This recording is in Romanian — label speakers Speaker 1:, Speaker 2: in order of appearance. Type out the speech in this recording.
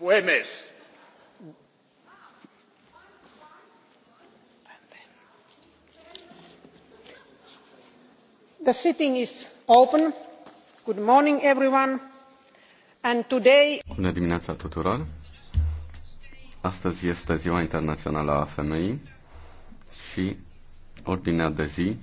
Speaker 1: poemes.
Speaker 2: The sitting is open. Good morning everyone.
Speaker 3: And today
Speaker 4: Bună dimineața tuturor. Astăzi este Ziua Internațională a Femeii și ordinea de zi